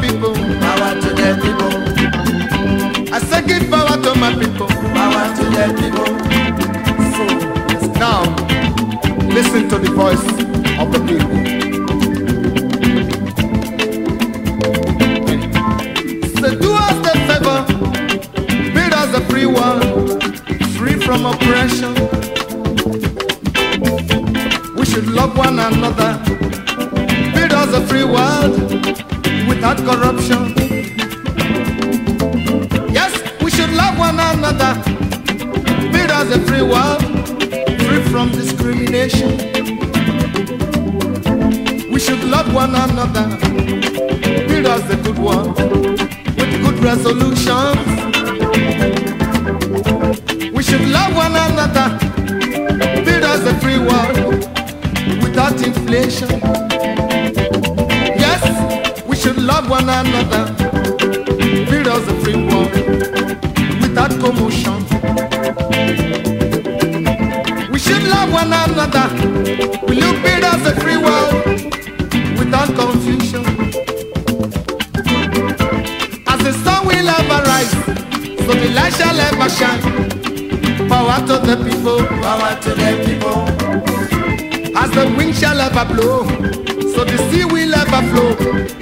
people. Power to the people. I say give power to my people. Power to the people. So now, listen to the voice of the people. So do us the favor, build us a free world, free from oppression. We should love one another, build us a free world without corruption. Yes, we should love one another, build us a free world, free from discrimination. We should love one another, build us a good one, with good resolutions. We should love one another, build us a free world, without inflation love one another, build us a free world without commotion. We should love one another, We you build us a free world without confusion? As the sun will ever rise, so the light shall ever shine. Power to the people, power to the people. As the wind shall ever blow, so the sea will ever flow.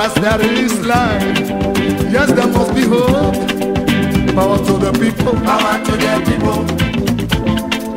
as there is life, yes, there must be hope. Power to the people. Power to the people.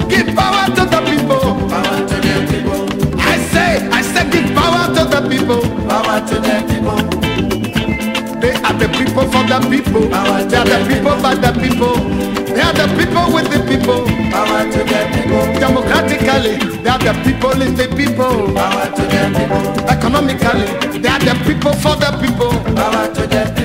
Give power to the people. Power to the people. I say, I say, give power to the people. Power to the people. They are the people for the people. Power they are the people by the people. They are the people with the people. Power to the people. Democratically, they are the people in the people. Power to the people. Economically, they are the people for the people. Power to the people.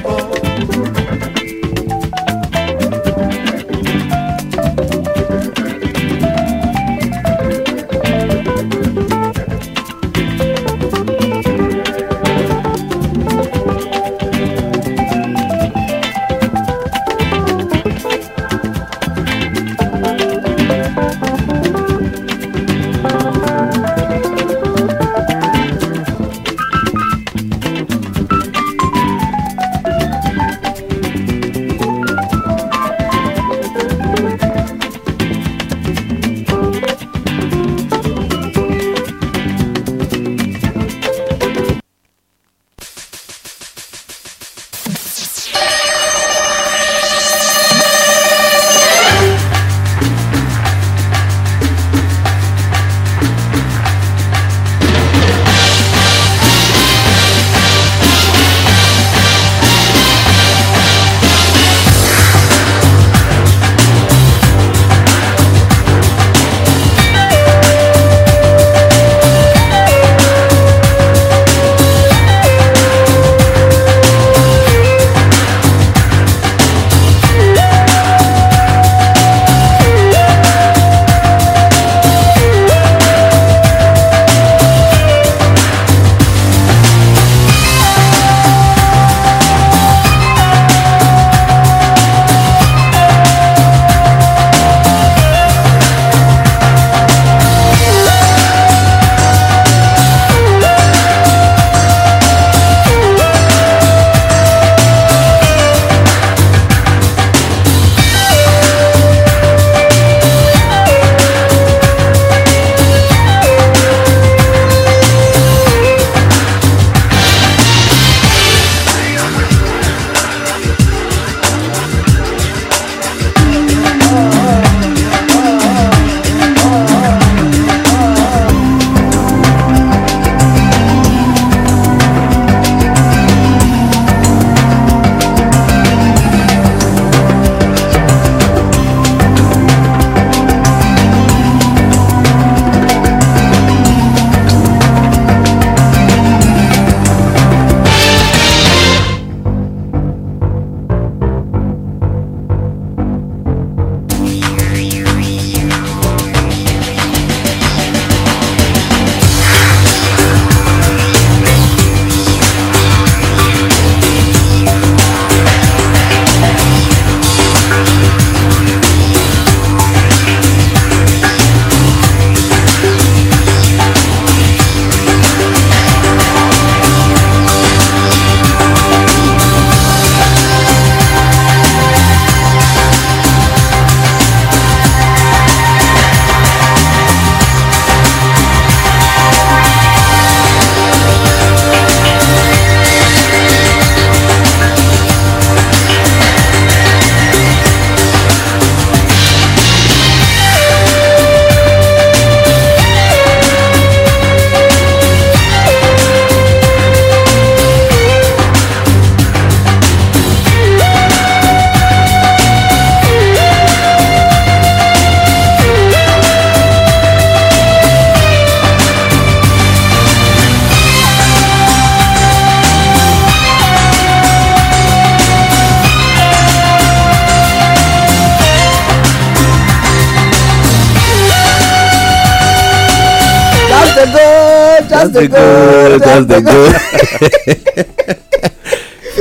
that's the goal that's the goal.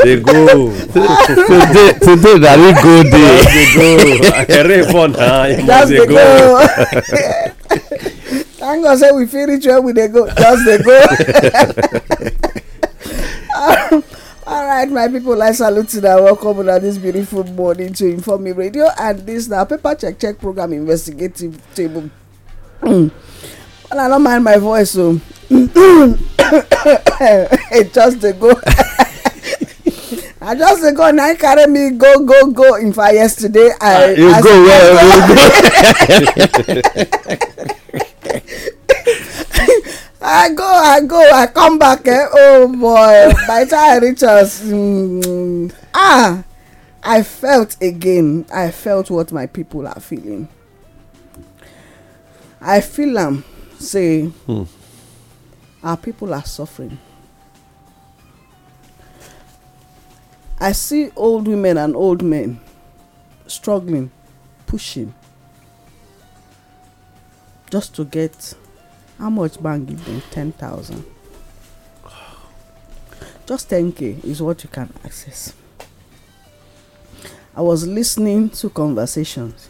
The goal. today today na real go day. dey go eré fun na That's the goal. go. thank God say we finish well with the goal. That's the goal. all right my people i salute you and welcome on this beautiful morning to inform me radio and this now paper check check program investigative table. and I don't mind my voice, so it just to go. I just to go now. Carry me, go, go, go. In fact, yesterday I. Uh, you I go well. I go, I go, I come back. Eh? Oh boy! By the time I reach mm, ah, I felt again. I felt what my people are feeling. I feel them. Um, say hmm. our people are suffering i see old women and old men struggling pushing just to get how much bank give them ten thousand just 10k is what you can access i was listening to conversations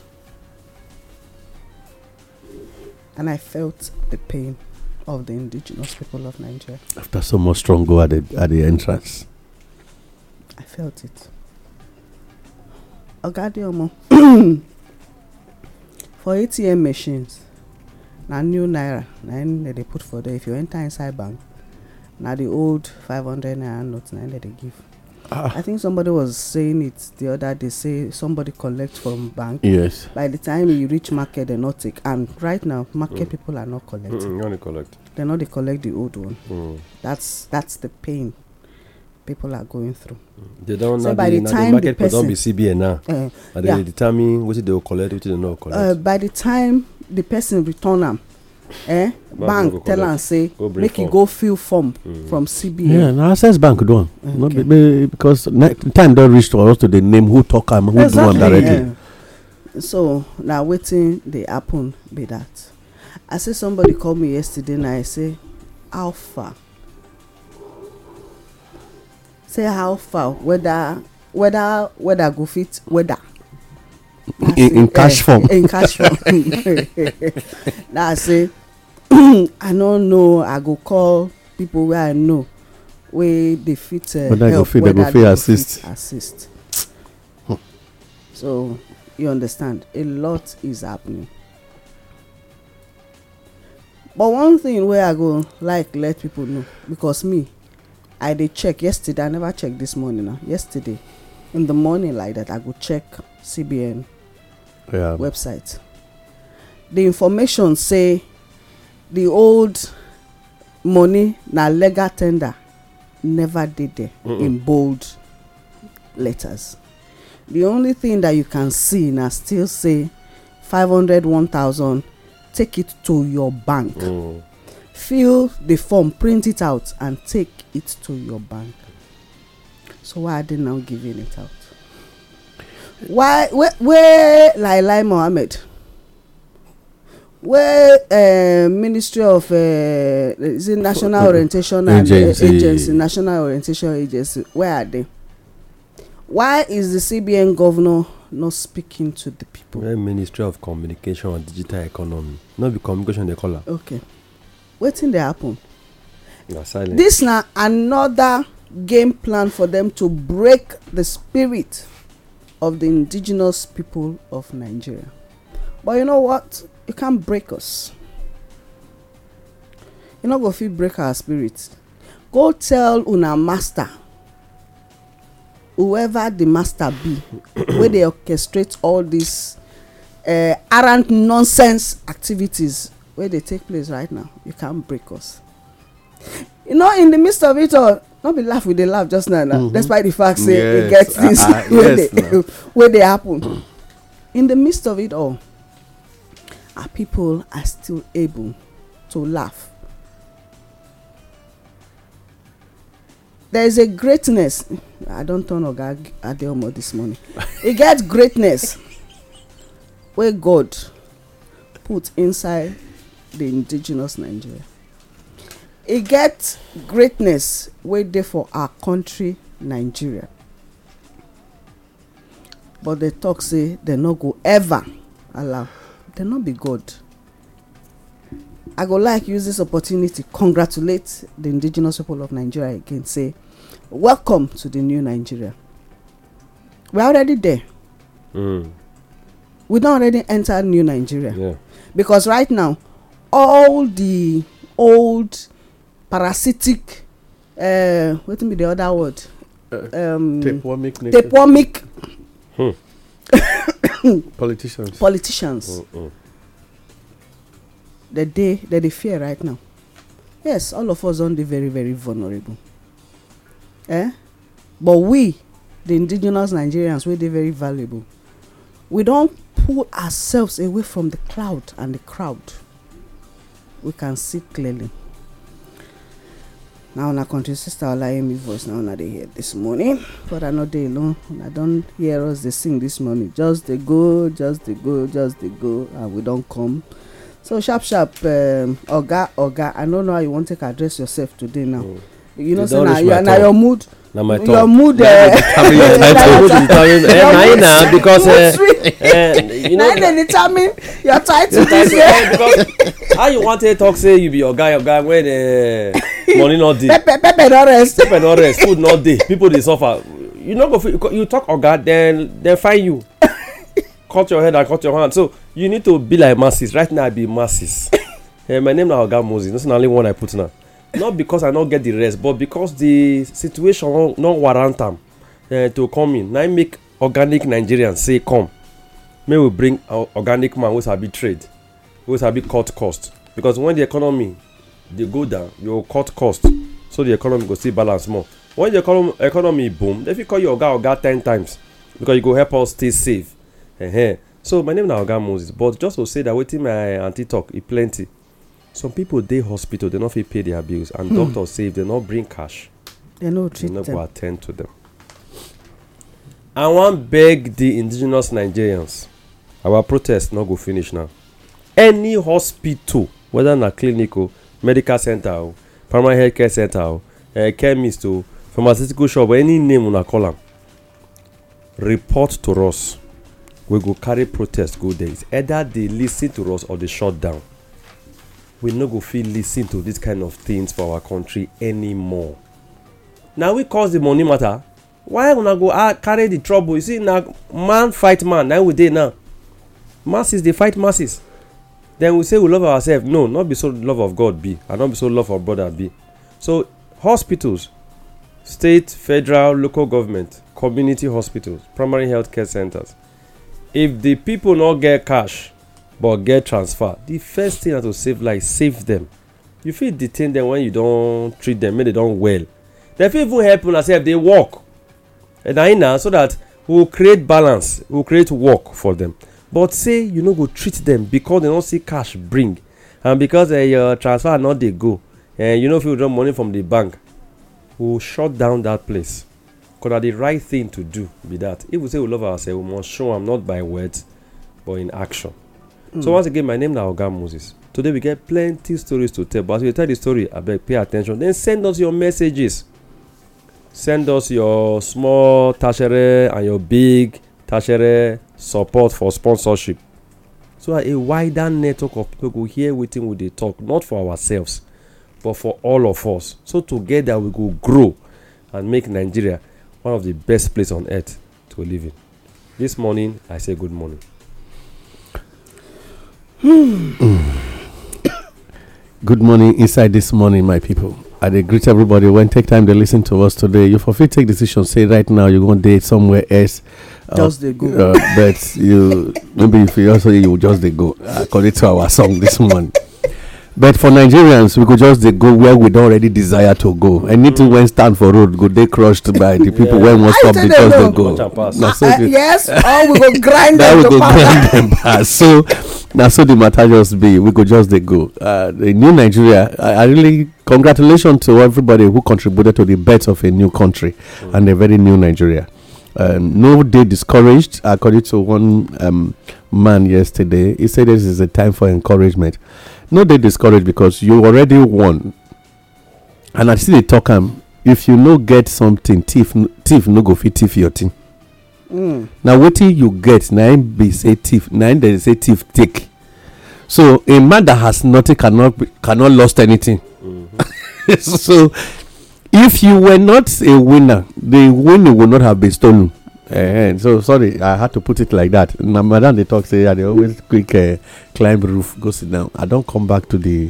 and I felt the pain of the indigenous people of Nigeria. After so much struggle at the, at the entrance, I felt it. Ogadiomo, for ATM machines, na new naira na they put for there if you enter inside bank na the old five hundred naira notes. na they give Ah. I think somebody was saying it the other day. Say somebody collect from bank. Yes. By the time you reach market, they not take. And right now, market mm. people are not collecting. Mm-mm, only collect. They not they collect the old one. Mm. That's that's the pain people are going through. Mm. They don't so by the, the time the market the don't be CBN now, uh, and yeah. they determine which they will collect, which they not uh, collect. Uh, by the time the person return them, eh, bank tell am say make e go fill form mm. from cba yeah na access bank do am no be because time don reach for us to dey name who talk am who do am directly so na wetin dey happen be that i say somebody call me yesterday and i say how far say how far whether whether whether go fit whether in, in cash form. in cash form na say i no know i go call people wey i know wey dey fit eh, help whether dem fit assist assist so you understand a lot is happening but one thing wey i go like let people know because me i dey check yesterday i never check this morning na yesterday in the morning like that i go check cbn yeah. website the information say the old money na legal tender never did there mm -mm. in bold letters the only thing that you can see now still say five hundred one thousand take it to your bank mm. fill the form print it out and take it to your bank so why are they now giving it out why where wey lai lai mohammed where uh, ministry of uh, is it national okay. orientation and eh, agency. agency national orientation agency where are they why is the cbn governor not speaking to the people. the ministry of communication and digital economy no be communication they call am. okay wetin dey happen. na this na another game plan for them to break the spirit of the indigenous people of Nigeria. But you know what? You can't break us. You no go fit break our spirit. Go tell una master, whoever the master be, where they orchestrate all these uh, eh, errant nonsense activities where they take place right now. You can't break us. You know, in the midst of it all, Don't be laugh with the laugh just now now mm-hmm. despite the fact say e get things wey dey happen in the midst of it all our people are still able to laugh there is a greatness i don turn oga adeomo this morning e get greatness wey god put inside the indigenous nigeria e get greatness wey dey for our country nigeria but dey talk say dem no go ever allow dem no be god i go like use this opportunity congratulate the indigenous people of nigeria again say welcome to the new nigeria we are already there mm. we don already enter new nigeria yeah. because right now all the old parasitic uh, eh, wetin be the other word. Eh, um, tapewormic tapewormic. Hmm. politicians. politicians. Mm -mm. the day that they fear right now yes all of us don dey very very vulnerable eh but we the indigenous nigerians wey dey very valuable we don pull ourselves away from the cloud and the crowd we can see clearly. Now na una country sister olayemi voice na una dey hear this morning father no dey alone una don hear us dey sing this morning just dey go just dey go just dey go and we don come so sharp sharp um, oga oga i no know how you wan take address yourself today now mm. you know say na your mood na my turn your mood eh determine your title mood na eh, na because eh, eh eh you know na it determine your title this year how you wan take talk say you be oga oga when uh, money no dey pepper pepper no rest pepper no rest food no dey people dey suffer you no go fit you talk oga then then find you cut your head and cut your hand so you need to be like masses right now i be masses eh, my name na oga moses no see na only one i put now not because i no get the rest but because the situation no warrant am uh, to come in na im make organic nigerians say come may we bring organic man wey sabi trade wey sabi cut cost because when the economy dey go down you go cut cost so the economy go still balance more when the economy, economy boom they fit call you oga oga ten times because you go help us stay safe uh -huh. so my name na oga moses but just to say that wetin my aunty talk e plenty some people dey hospital dem no fit pay their bills and hmm. doctors say if dem no bring cash treat dem no go attend to dem i wan beg di indigenous nigerians our protest no go finish now any hospital whether na clinic o medical center o primary health care center o eh, chemist o pharmaceutical shop any name una call am report to us we go carry protest go there either dey lis ten to us or dey shut down we no go fit lis ten to dis kind of things for our country anymore na we cause the money matter why una go carry the trouble you see na man fight man na we dey now masses dey fight masses then we say we love ourselves no not be so love of god be and not be so love of brother be so hospitals state federal local government community hospitals primary health care centres if the people no get cash but get transfer the first thing na to save life save them you fit detain them when you don treat them make they don well They fit even help una sef dey work na im na so that we will create balance we will create work for them but say you no go treat them because they no see cash bring and because uh, your transfer no dey go and uh, eh, you no fit withdraw money from the bank we will shut down that place because na the right thing to do be that if we say we love ourselves we must show am not by words but in action. Mm. so once again my name now oga moses today we get plenty stories to tell but as we tell the story I beg pay attention then send us your messages send us your small tashere and your big tashere support for sponsorship so a wider network of people go hear wetin we dey talk not for ourselves but for all of us so together we go grow and make nigeria one of the best place on earth to live in this morning i say good morning. Hmm. Good morning, inside this morning, my people. I dey greet everybody when take time to listen to us today. You for fit take decision say right now you go date somewhere else. Uh, just they go. Uh, but you maybe if you also you just they go according to our song this morning. but for nigerians we go just dey go where we don already desire to go anything mm. wey stand for road go dey crushed by the people pipo wey wan stop because dem go na ah, so ah, yes or oh, we go grind dem to pass so na so the matter just be we go just dey go the new nigeria i really congratulations to everybody who contributed to the birth of a new country mm. and a very new nigeria um, no dey discouraged according to one um, man yesterday he say this is a time for encouragement no dey discouraged because you already won and i still dey talk am um, if you no get something thief thief no go fit thief your thing hmm. na wetin you get na im be say thief na im dey say thief take so a man that has nothing cannot cannot lost anything mm-hmm. so if you were not a winner the winning would not have been stolen Uh, so sorry, I had to put it like that. My madam they talk say I they always quick uh, climb roof, go sit down. I don't come back to the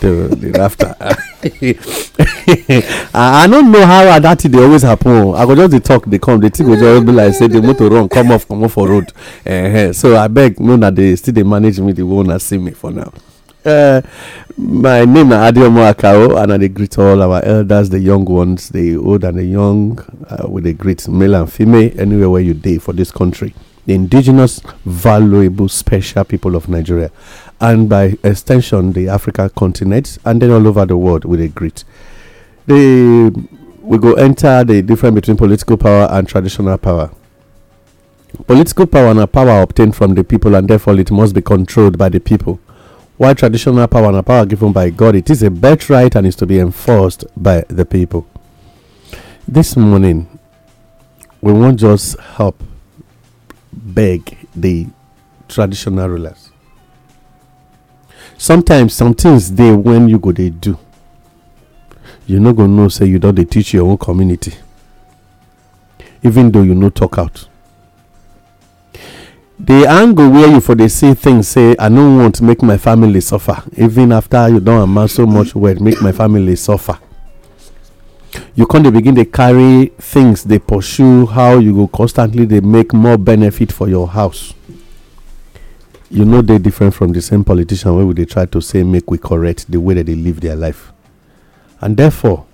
the, the rafter. I, I don't know how uh, that they always happen. I go just they talk, they come, they think will just be like say the motor run, come off, come off for road. Uh, so I beg, no that they still they manage me, they won't see me for now. Uh, my name is Adiomo Akao, and I greet all our elders, the young ones, the old and the young, uh, with a great male and female, anywhere where you day for this country. The indigenous, valuable, special people of Nigeria, and by extension, the African continent, and then all over the world with a greet. The we go enter the difference between political power and traditional power. Political power and power obtained from the people, and therefore it must be controlled by the people. Why traditional power and power given by God, it is a birthright and is to be enforced by the people. This morning, we won't just help beg the traditional rulers. Sometimes, some things they when you go they do. You no go know say you don't they teach your own community, even though you know talk out the angle where you for the see things say i no want make my family suffer even after you don amount so much wealth make my family suffer you come dey begin dey carry things dey pursue how you go constantly dey make more benefit for your house you no dey different from the same politician wey we dey try to say make we correct the way that dey live their life and therefore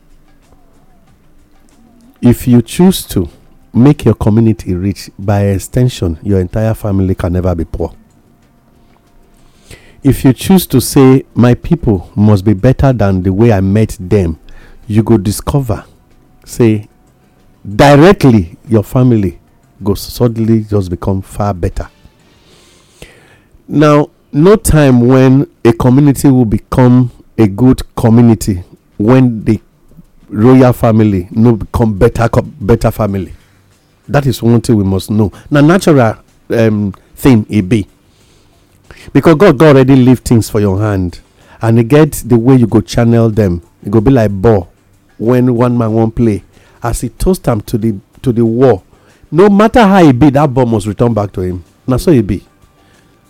if you choose to make your community rich, by extension, your entire family can never be poor. If you choose to say, My people must be better than the way I met them, you go discover, say, directly your family goes suddenly just become far better. Now, no time when a community will become a good community when the royal family no become better better family That is one thing we must know. Now, natural um, thing it e be because God, God already leave things for your hand, and you e get the way you go channel them. It e go be like ball when one man won't play as he toast them to the to the wall. No matter how it be, that ball must return back to him. Now so it be.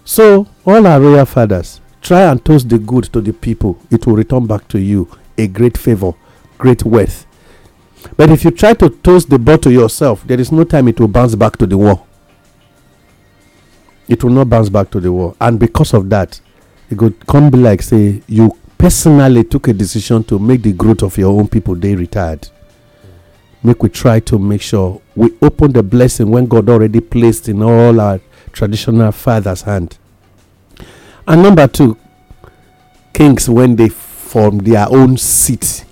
So all our royal fathers, try and toast the good to the people. It will return back to you a great favor, great wealth, But if you try to toss the ball to yourself, there is no time it will bounce back to the wall. It will not bounce back to the wall. And because of that, it could come be like, say, you personally took a decision to make the growth of your own people they retired. Make we try to make sure we open the blessing when God already placed in all our traditional father's hand. And number two, kings when they form their own seat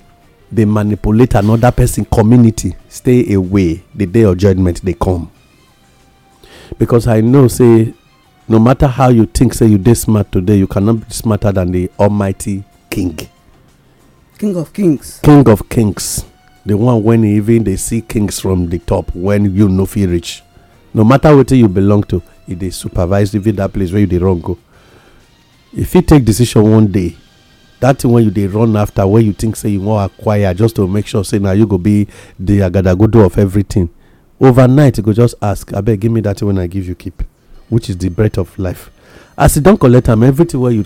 They manipulate another person community stay away the day of judgment They come because i know say no matter how you think say you dey smart today you cannot be smarter than the almighty king king of kings king of kings the one when even dey see kings from the top when you no fit reach no matter wetin you belong to e dey supervise even that place where you dey run go e fit take decision one day That thing when you dey run after when you think say you wan acquire just to make sure say na you go be the agadagodo of everything overnight you go just ask abeg give me that thing wey i give you keep which is the breath of life as you e don collect am everything wey you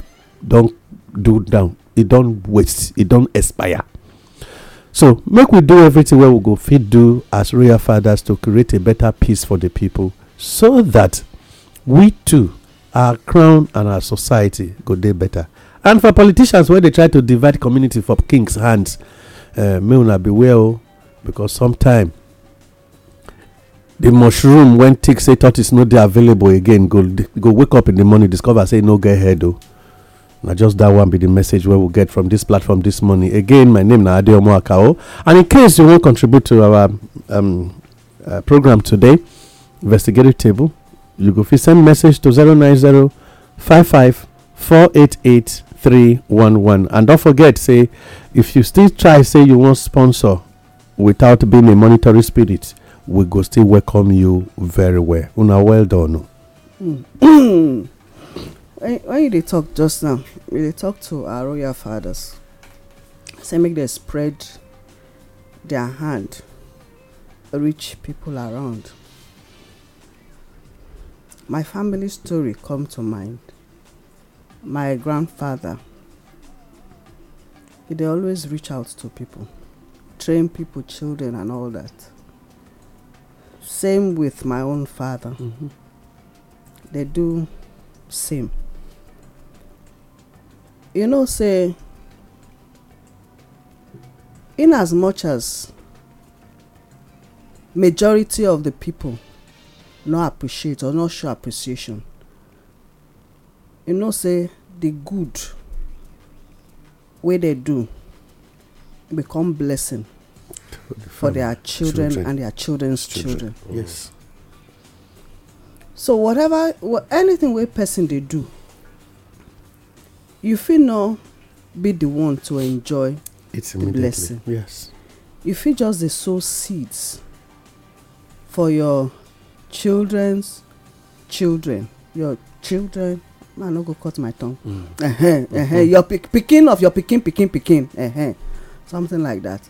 don do down e don waste e don expire so make we do everything wey we go fit do as royal fathers to create a better peace for the people so that we too our crown and our society go dey better and for politicians when they try to divide community for kings hands uh, may una beware well oh, because sometime the mushroom when tick say tortoise no dey available again go go wake up in the morning discover say no get head o oh. na just that one be the message wey we get from this platform this morning again my name na adeomu akao and in case you wan contribute to our um, uh, program today investigative table you go fit send message to zero nine zero five five four eight eight. 311 and don't forget say if you still try say you wan sponsor without being a monetary spirit we go still welcome you very well una well done hmm. when you dey talk just now we dey talk to our royal fathers say make dem spread their hand reach people around my family story come to mind my grandfather he dey always reach out to people train people children and all that same with my own father mm-hmm. they do same you know say in as much as majority of the people no appreciate or no show appreciation you know say the good wey they do become blessing for their children, children, and their children's children. children. Mm. Yes. So whatever anything way person they do, you feel no be the one to enjoy it's the blessing. Yes. You fit just dey sow seeds for your children's children, your children i no go cut my tongue uh-huh, uh-huh. your pikin of your pikin pikin pikin uh-huh. something like that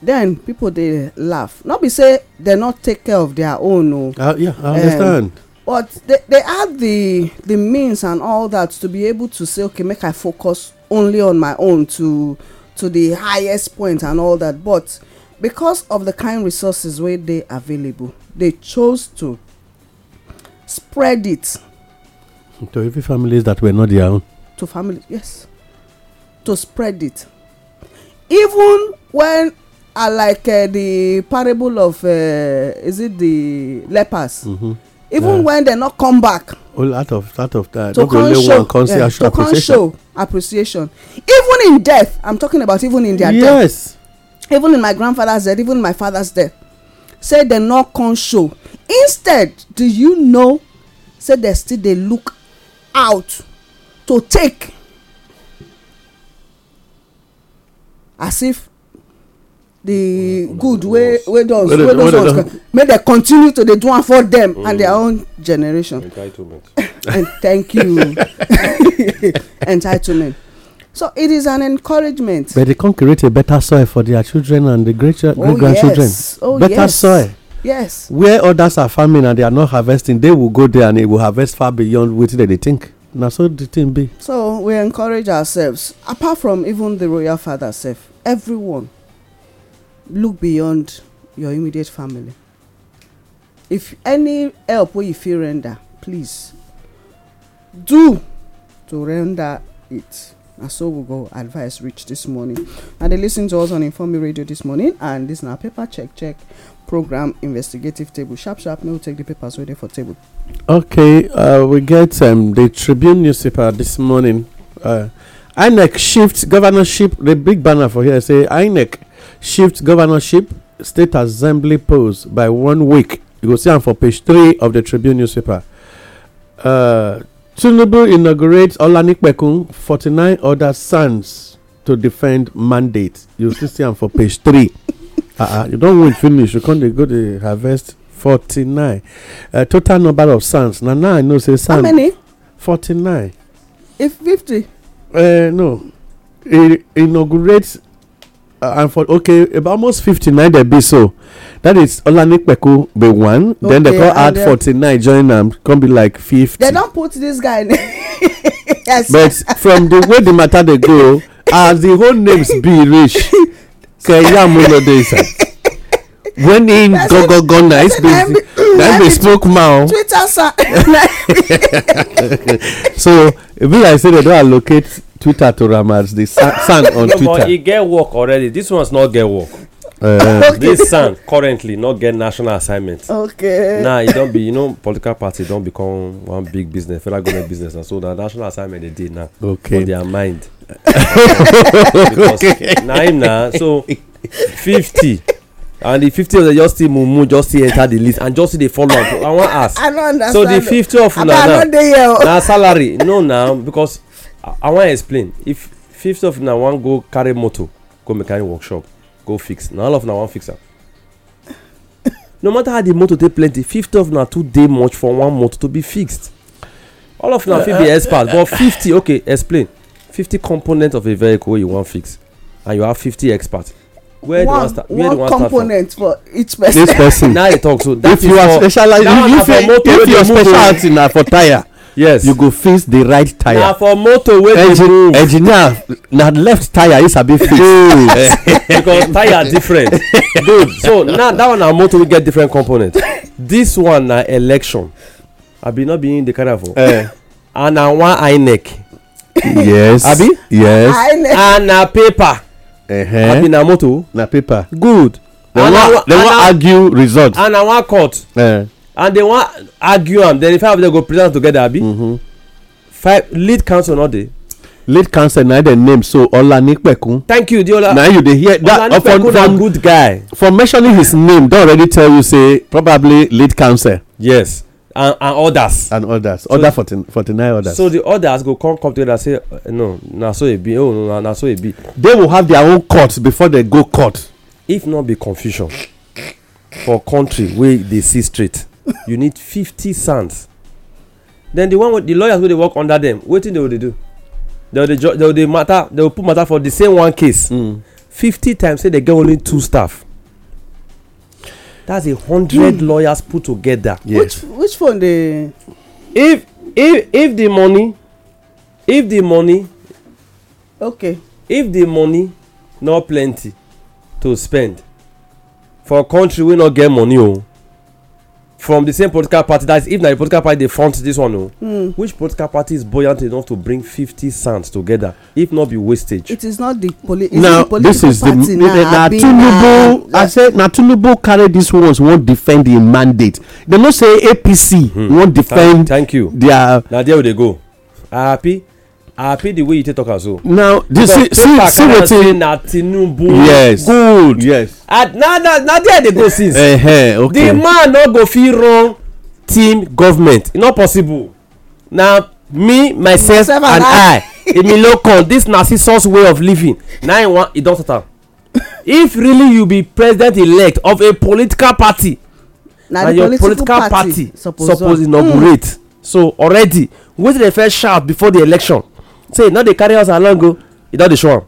then people dey laugh not be say dem not take care of their own o uh, yeah i understand um, but they they have the the means and all that to be able to say okay make i focus only on my own to to the highest point and all that but because of the kind resources wey dey available they chose to spread it To every families that were not their own. To families, yes. To spread it. Even when I like uh, the parable of, uh, is it the lepers? Mm-hmm. Even yeah. when they not come back. Well, oh, out of out of that. To come show, one, yeah, to come show appreciation. Even in death, I'm talking about even in their yes. death. Yes even in my grandfather's death even my father's death say they no come show instead do you know say they still dey look out to take as if the good wey wey don wey don come May dem continue to dey do am for dem mm. and their mm. own generation entitlement and thank you entitlement so it is an encouragement. but they can create a better soil for their children and the great great oh, grandchildren yes. oh, better yes. soil yes where others are farming and they are not harvesting they will go there and they will harvest far beyond wetin they dey think na so the thing be. so we encourage ourselves apart from even the royal father sef everyone look beyond your immediate family if any help wey you fit render please do to render it na so we go advice reach this morning and dey lis ten to us on informe radio this morning and this na paper check check program investigative table sharp sharp may we take the papers wey for table. okay uh, we get um, the tribune newspaper this morning uh, inec shift governorship the big banner for here say inec shift governorship state assembly polls by one week you go see am for page three of the tribune newspaper uh, tinubu inaugurates olanipekun forty-nine other sons to defend mandate you still see am for page three. Ah uh, you don't win finish you can't go to harvest 49 uh, total number of sons. Now now i know say sand how many 49 if 50 Uh, no It inaugurate uh, and for okay about almost 59 there be so that is olanipeku be one then they call add 49 uh, join them. come be like 50 They don't put this guy yes but from the way the matter they go as the whole names be rich. kẹ yam no dey when in go go go na him be na him be smoke man so e be like say dem don allocate twitter to ramaz the sand on twitter no but e get work already this one's not get work Eh, this son currently not get national assignment okay now e don be you know political party don become one big business federal government business and so na national assignment dey dey now okay For their mind because na him na so fifty and the fifty of them just see mumu just see enter the list and just see dey follow am i wan ask i no understand so the fifty of una now na salary no na because i wan explain if fifty of una wan go carry motor go mechanic workshop go fix na all of na one fix am no matter how the motor take plenty fifty of na too dey much for one motor to be fixed all of na fit be eh, eh, expert eh, but fifty okay explain fifty component of a vehicle wey you wan fix and you have fifty experts where one, do you start where do you wan start from one component for each person each person now you talk so that if is for that one na for motor wey dey move o oh. if your specialty na for tyre yes you go fix the right tire na for motor wey dey move engineer na left tire you sabi fix because tire different Good. so now that one na motor wey get different component this one na election abi no be him dey carry am for and na one inec yes abi yes e and na paper abi na motor na paper good and i wan argue result and i wan court eh and they wan argue am then the five of them go present together abi mm -hmm. five lead counsel no dey. lead counsel na dem name so olanipekun. thank you diola na you dey hear that olanipekun na good guy. for mentioning his name don already tell you say probably lead counsel. yes and and others. and others so other forty forty-nine others. so the others go come come together say eh, no na so e be oh no na so e be. they will have their own court before they go court. if not be confusion for country wey dey see straight you need fifty sons then the one with the lawyers wey dey work under them wetin they go dey do they go dey they go dey matter they go put matter for the same one case mm. fifty times say they get only two staff that's a hundred mm. lawyers put together. yes which which phone dey. if if if the money if the money. okay. if the money no plenty to spend for country wey no get money o from the same political party that is if na the political party dey front this one o. Oh, mm. which political party is buoyant enough to bring fifty cents together if not be wastage. it is not the poli now, the political party the, na eh, eh, na tinubu i say na tinubu carry these ones wan defend im mandate dem no say apc mm. wan defend thank, thank you. their. na there we dey go i happy happy ah, the way you take talk am so. now the see see see wetin na tinubu yes good yes And na na na there dey go since. Uh -huh, okay. the man no go fit run team government e no possible na me myself and i emilokan this na jesus way of living na im wan e don start am if really you be president elect of a political party na, na your political, party, party suppose, suppose inaugurate mm. so already wetin dey first shout before the election say no dey carry us along o oh. e don dey show am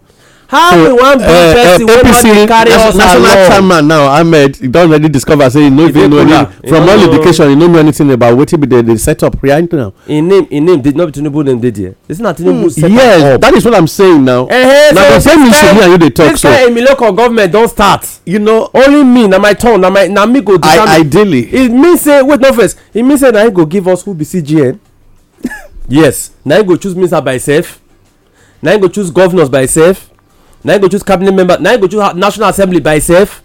how we wan be person wey no dey carry us along national chairman now ahmed don already discover say e no even know anything from all education e no know anything about wetin be the set up right now im name im name no be tinubu name dey there this na tinubu hmm, set up yes that is what i'm saying now eh, eh, na the same issue me and you dey talk so This time local government don start you know only me na my turn na my na me go determine ideally it mean say wait no first it mean say na him go give us who be cgn yes na him go choose minister by himself na him go choose governors by himself na him go choose cabinet member na him go choose national assembly by himself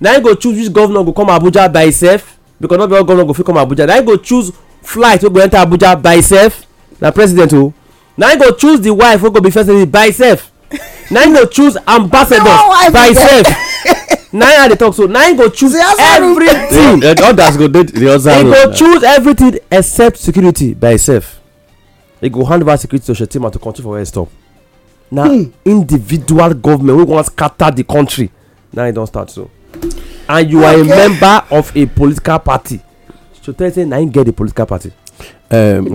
na him go choose which governor go come abuja by himself because not be all governor go fit come abuja na him go choose flight wey go enter abuja by himself na president o na him go choose the wife wey go be first lady by himself na him go choose ambassador by himself na him i dey talk so na him go choose everything The eh, eh, others go dey the other road go choose everything except security by himself e go hand over security to shetima to continue for where e stop na hmm. individual government wey wan scatter di country na e don start so and you are a member of a political party so tell say na im get di political party Um,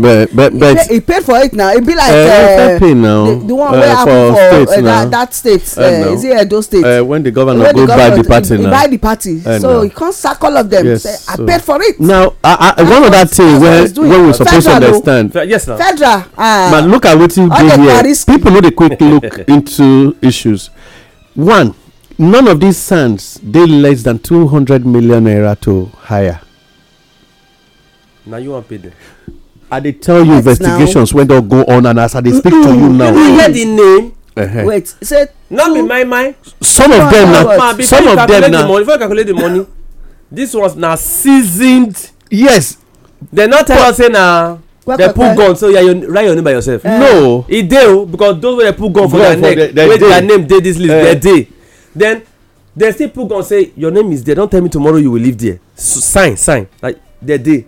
but but he pay for it now e be like uh, uh pay the, the one uh, wey happen for, for uh, that, that state uh, uh, no. is it edo state uh, when the governor when go the governor, buy the party now he buy the party uh, so no. he come sack all of them yes, say so. i paid for it. now I, I, one other thing wey wey we supposed to understand yes, federal uh, ah. but look at wetin dey here people no dey quick look into issues one none of these sands dey less than two hundred million naira to hire na you and pay them. i dey tell you investigations wey don go on and as i dey speak to you now. you hear the name. Uh-huh. wait say. no be my mind. some of them na some of them na. before you calculate the money this was na seasoned. yes. dem no tell us say na. dem pull gun so you write your name by yourself. Eh. no e dey o oh, because those wey dey pull gun for their neck wey their name dey this list dey eh. dey then dem still pull gun say your name is there don tell me tomorrow you will live there sign sign like dey dey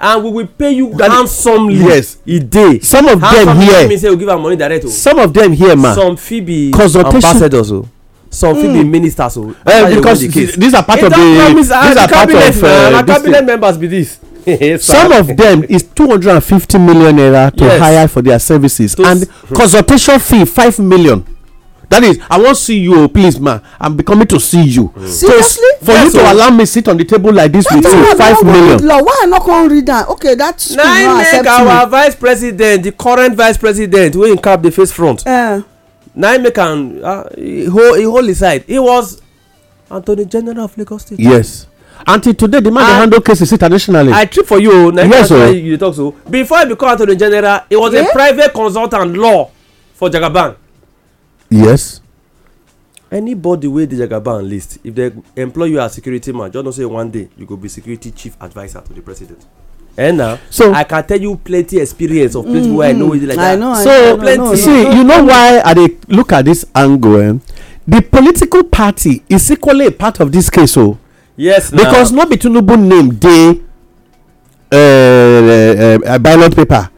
and we will pay you that handsomely yes e dey some of them here mean say we direct o oh. some of them here ma some fit be ambassadors o oh. some fit be hmm. ministers o uh, eh, because these are part of the these are part of uh, eh, na cabinet members be this some of them is two hundred and fifty million naira to yes. hire for their services to and consultation fee five million that is i wan see you oh, please ma i'm becoming to see you mm. seriously so, for yes, you oh. so. to allow me sit on the table like this with you five million. law why i no come read am okay that school no accept me. na im make our vice president the current vice president wey im cap dey face front. Eh. Uh. na im make am uh, he hold his side he was attorney general of lagos state. yes until today the man dey handle cases internationally. i treat for you o oh. na yes, you talk so before I become attorney general he was yeah? a eh? private consultant law for jagaban yes anybody wey dey jagaban list if dem employ you as security man just know say one day you go be security chief adviser to the president eh na so i can tell you plenty experience of places wey i know mm, wey dey like that know. so plenty see you know why i dey look at this angle eh the political party is equally a part of this case o oh. yes because no be tinubu name dey uh, uh, ballot paper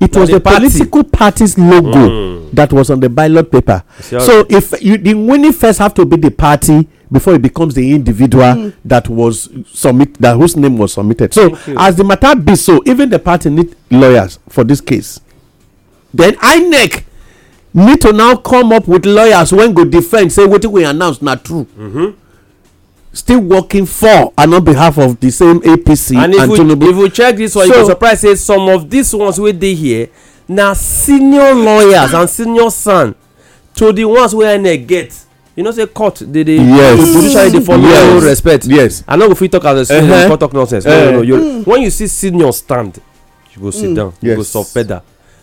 it was the party. political party's logo mm. that was on the ballot paper so if you the winning first have to be the party before it becomes the individual mm. that was submit that whose name was submitted so as the matter be so even the party need lawyers for this case then inec need to now come up with lawyers when go defend say what we announced not true. Mm -hmm still working for and on behalf of the same apc and, and tinubu and if you check this one so, you go surprise say some of these ones wey dey here na senior lawyers and senior son to the ones wey inec get you know say court dey dey yes judiciary dey follow yes. no respect yes i no go fit talk as a senior uh -huh. talk nonsense uh -huh. no no no mm. when you see senior stand you go sit mm. down yes. you go sub pedal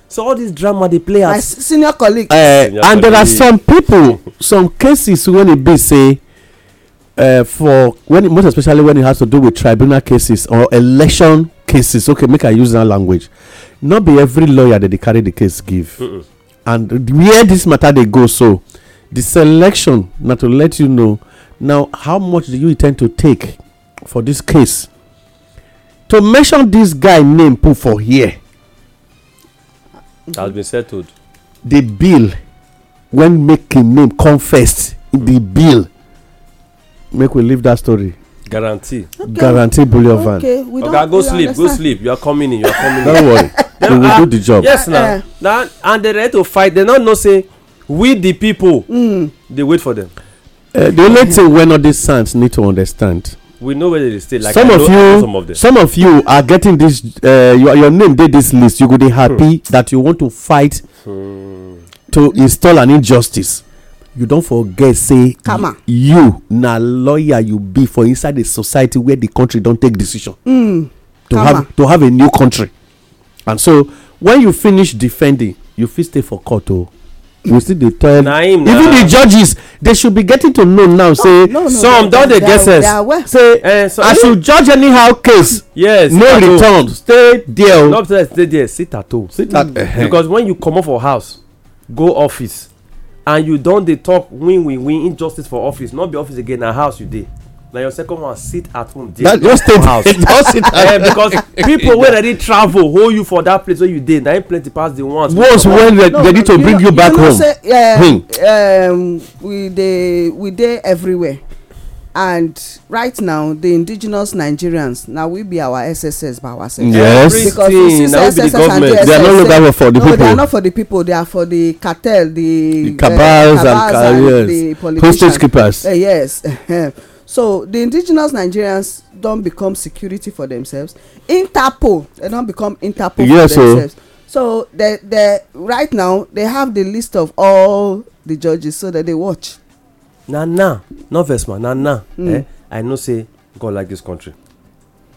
so all this drama dey play as. my senior colleague. Uh, senior and colleague. there are some people some cases wey e be say Eh, for when most especially when it has to do with tribunal cases or election cases okay make i use that language not be every lawyer that they carry the case give uh-uh. and where this matter they go so the selection now to let you know now how much do you intend to take for this case to mention this guy name put for here has been settled the bill when make him name come first mm. the bill make we leave that story guarantee guarantee bullion van oga go sleep go sleep you are coming in you are coming in don't worry we will do the job yes na and they ready to fight dem no know say we the people dey hmm. wait for dem eh, the only thing wey all these sons need to understand we know where they stay like some of you some of them some of you are getting this eh, your your name dey this list you go dey happy hmm. that you want to fight hmm. to install an injustice you don forget say you na lawyer you be for inside di society where the country don take decision mm. to have to have a new country and so when you finish defending you fit stay for court o oh. you mm. still dey tell even the judges they should be getting to know now say some don dey get sense say as eh, you judge anyhow case yes, no return stay there o oh. not say stay there sit at home sit at mm. eh, eh. because when you comot for house go office and you don dey talk win win win injustice for office not be office again na house you dey na your second one sit at home there just stay house just sit at eh, home because people wey ready travel hold you for that place wey you dey na him plenty pass the ones once when they ready to bring you back home you eh, hmm. um, know we dey we dey everywhere and right now the indigenous nigerians na we be our sss by ourselves. yes because we see say sss the and SSs they are not local for the no, people no they are not for the people they are for the cartel the, the eh, cabals, uh, and, and, and the politicians hostage keepers. Uh, yes so the indigenous nigerians don become security for themselves interpol they don become interpol yes, for oh. themselves so, so they they right now they have the list of all the judges so that they watch na now no vex ma na now hmm. eh i know say god like this country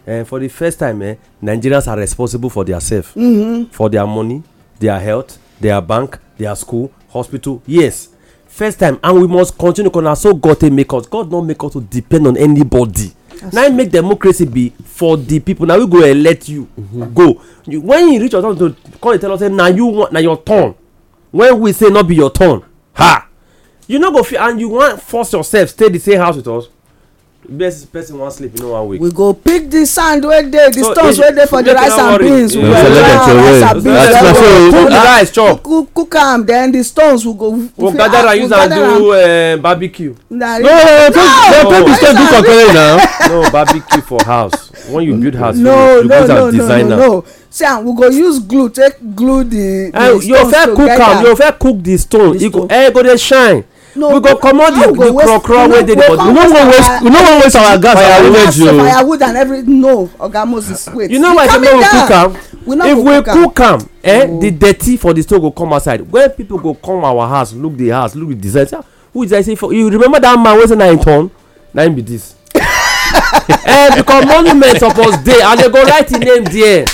and eh, for the first time eh nigerians are responsible for their -hmm. for their money their health their bank their school hospital yes first time and we must continue because na so god take make us god no make us to depend on anybody na im make democracy be for the people. na we go elect you mm-hmm. go when you reach your turn to come and tell us say na your turn when we say no be your turn ha you no go fit and you wan force yourself stay the same house with us best person wan sleep in one week. we go pick the sand wey dey the so stones eh, wey dey for the rice and beans we go allow rice and beans then we go cook rice chop cook cook am then the stones we go we gather am use uh, am do barbecue. no no no no, no, no, no, no, no, no barbecue for house when you build house no, you go use am design am. no no, no, no, no, see am we go use glue take glue the, the eh, stones together. you fẹ́ cook am you fẹ́ cook the stone e go dey shine. No, we go comot the the crow crow wey dey the body. we no wan waste we no wan waste our gas our energy o. Oh. firewood and every no oga moses wait. you know why i say make we cook am if we cook am eh the dirty for the store go come outside when people go come our house look the house look the design ah, who is that say for you remember that man wey say na him turn na him be this uh, because monument suppose dey and they go write im name there